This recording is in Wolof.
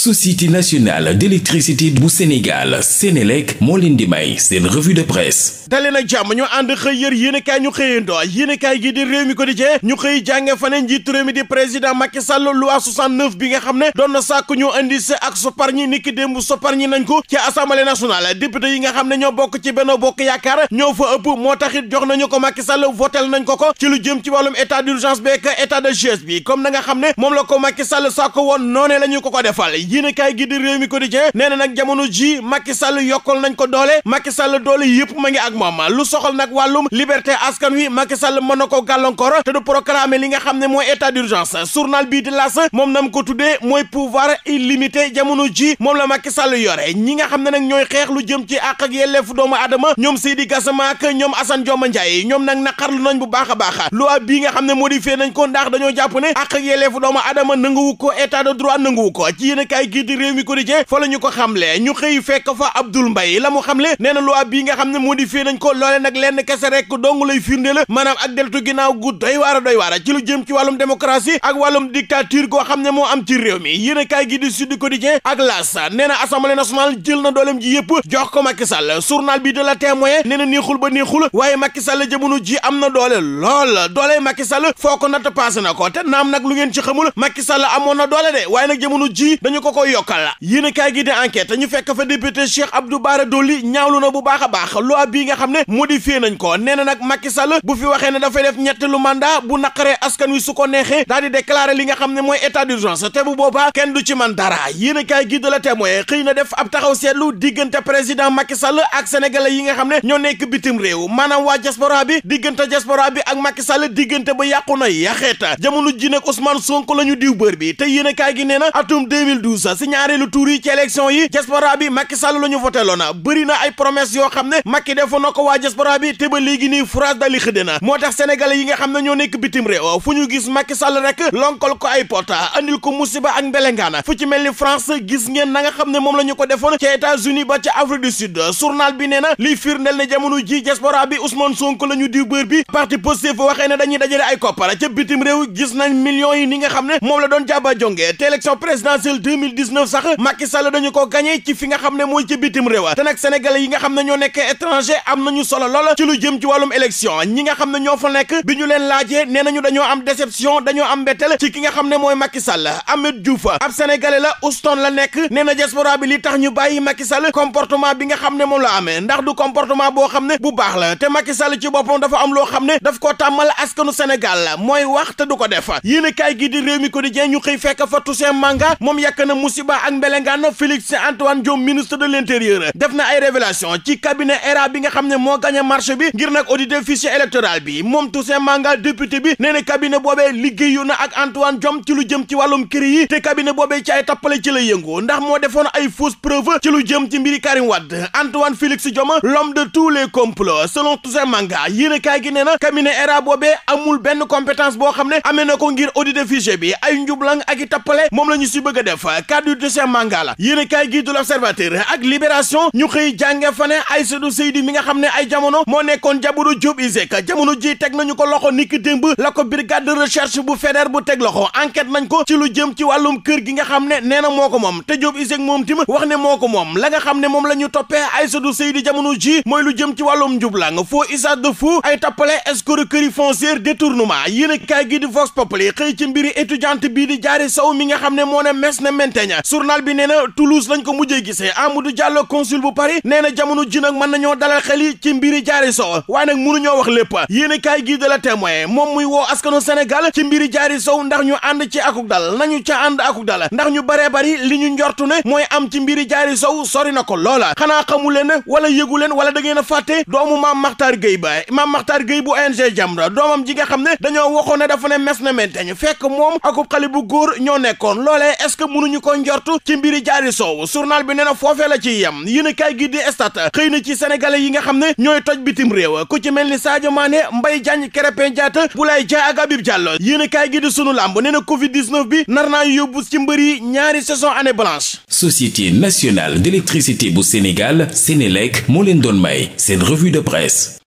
société nationale d'électricité bu Sénégal Sénélec moo leen di may seen revue de presse dalee nag jàmm ñu ànd xëy yër yéenekaay ñu xëyandoo kaay gi di réew mi quotidien ñu xëy jànge fane njiitu réew mi di président Macky Sall loi 69 bi nga xam ne doon na sàkk ñu indi si ak soparñi niki démb soparñi nañ ko ci assemblée nationale député yi nga xam ne ñoo bokk ci Benno Bokk Yaakaar ñoo fa ëpp moo taxit jox nañu ko Macky Sall votel nañ ko ko ci lu jëm ci wàllum état d'urgence comme nga xam ne moom la ko Macky Sall sàkk woon noonee la ñu ko yéenekaay gi di Rewmi Quotidien nee na nag jamono ji Macky Sall yokkal nañ ko doole Macky Sall doole yëpp ma ngi ak moom lu soxal nag wàllum liberté askan wi Macky Sall mën na ko gàllankoor te du proclamer li nga xam ne mooy état d'urgence journal bii di L'As moom nam ko tuddee mooy pouvoir illimité jamono ji moom la Macky Sall yore ñi nga xam ne nag ñooy xeex lu jëm ci àq ak yelleefu doomu adama ñoom Seydi Gassama ak ñoom Assane Dioma Ndiaye ñoom nag naqarlu nañ bu baax a baax loi nga xam ne modifié nañ ko ndax dañoo jàpp ne àq ak yelleefu doomu aadama ko état de ko ci kaay gii di réew mi quotidien fa la ñu ko xamle ñu xëy fekk fa Abdoul Mbaye la mu xamle nee na loi bii nga xam ne modifié nañ ko loole nag lenn kese rek dong lay firnde la maanaam ak deltu ginnaaw gu doy waara ci lu jëm ci wàllum démocratie ak wàllum dictature goo xam ne moo am ci réew mi yéen a kaay gii di Sud Quotidien ak L'As nee na assemblée nationale jël na dooleem ji yëpp jox ko Macky Sall journal bi de la témoin nee na neexul ba neexul waaye Macky Sall jamono ji am na ko natt na ko te naam nag lu ngeen ci xamul Macky Sall amoon na doole de waaye ko koy yokkal la yéenekaay gi di enquête ñu fekk fa député Cheikh Abdou Bara Dolly ñaawlu na bu baax a baax bii nga xam ne modifié nañ ko nee na nag Macky Sall bu fi waxee ne dafay def ñetteelu mandat bu naqaree askan wi su ko neexee daal di déclarer li nga xam ne mooy état d'urgence te bu boobaa kenn du ci man dara yéenekaay gi de la témoin xëy na def ab taxaw seetlu diggante président Macky Sall ak sénégalais yi nga xam ne ñoo nekk bitim réew maanaam waa diaspora bi diggante diaspora bi ak Macky Sall diggante ba yàqu na yaxeeta jamono ji nag Ousmane Sonko la ñu diw bër te 2012 si ñaareelu tuur yi ci élection yi diaspora bi Macky Sall la ñu voté loon bëri na ay promesse yoo xam ne Macky defoon na ko waa diaspora bi te ba léegi nii France dali xëdde na moo tax sénégalais yi nga xam ne ñoo nekk bitim réew fu ñu gis Macky Sall rek lonkol ko ay pot pota andil ko musiba ak mbelengaana fu ci mel ni France gis ngeen na nga xam ne moom la ñu ko defoon ca États-Unis ba ca Afrique du Sud journal bi nee na liy firndeel ne jamono ji diaspora bi ñu parti Pastef waxee ne dañuy dajale ay koppara ca bitim réew gis nañ millions yi ni nga xam ne moom la doon jàba jonge te élection 2019 sax Macky Sall dañu ko gagné ci fi nga xam ne mooy ci bitim réew te nag sénégalais yi nga xam ne ñoo nekk étranger am nañu solo lool ci lu jëm ci wàllum ci ki nga xam mooy Macky Sall Ahmed la Houston la nekk nee na diaspora bi li tax ñu bàyyi Macky xam ne moom la amee ndax du comportement boo xam ne bu baax la te Macky Sall ci boppam am loo xam ne daf ko tàmmal askanu Sénégal mooy wax te du ko def yéen a kaay gi di réew mi quotidien ñu xëy fekk fa Toussaint Manga moom yàkk musiba ak mbelengaan Félix Antoine Diome ministre de l'intérieur def na ay révélation ci cabinet ERA bi nga xam ne moo gagné marché bi ngir nag auditer fichier électoral bi moom Toussaint Mangal député bi nee na cabinet boobee liggéeyu na ak Antoine Diome ci lu jëm ci wàllum kër yi te cabinet boobee ci ay tappale ci la yëngu ndax moo defoon ay fausse preuve ci lu jëm ci mbiri Karim Wade Antoine Félix Diome l'homme de tous les complots selon Toussaint Manga yéen a kaay gi na cabinet ERA boobee amul benn compétence boo xam ne amee na ko ngir auditer fichier bi ay njublang ak i moom la ñu si bëgg a def cadre du deuxième mandat la yéen a kaay gi du l'observateur ak libération ñu xëy jànge fa ne Aïssatou Seydi mi nga xam ne ay jamono moo nekkoon jabaru Diop ISEC jamono ji teg nañu ko loxo niki démb la ko brigade de recherche bu fédère bu teg loxo enquête nañ ko ci lu jëm ci wàllum kër gi nga xam ne nee na moo ko moom te Diop ISEC moom tim wax ne moo ko moom la nga xam ne moom la ñu toppee Aïssatou Seydi jamono ji mooy lu jëm ci wàllum njubla nga faux usage de faux ay tappale escroquerie foncière détournement yéen a kaay gi di Vox Populi xëy ci mbiri étudiante bii di jaari saw mi nga xam ne moo ne mes na men Montaigne journal bi nee na Toulouse lañ ko mujjee gisee Amadou Diallo consul bu Paris nee na jamono ji nag mën nañoo dalal xel yi ci mbiri jaari sow waaye nag mënuñoo wax lépp yéen i kaay gii de la témoin moom muy woo askanu Sénégal ci mbiri jaari sow ndax ñu ànd ci akuk dal nañu ca ànd akuk dal ndax ñu baree bari li ñu njortu ne mooy am ci mbiri jaari sow sori na ko loola xanaa xamu leen wala yëgu leen wala da ngeen a doomu maam Makhtar Gueye ba maam Makhtar Gueye bu ONG Jamra doomam ji nga xam ne dañoo waxoon ne dafa ne mes na menteñ fekk moom akub xale bu góor ñoo ñu ko njort ci mbiri jaari soow journal bi nee na foofee la ci yem yéen a kaay gi di stade xëy na ci sénégalais yi nga xam ne ñooy toj bitim réew ku ci mel ni Sadio Mané Mbaye Diagne Krépin Diatta Boulaye Dia ak Habib Diallo yéen a kaay gi di sunu làmb nee na Covid 19 bi nar naa yóbbu ci mbëri ñaari saison année blanche. Société nationale d'électricité bu Sénégal Sénélec moo leen doon may seen revue de presse.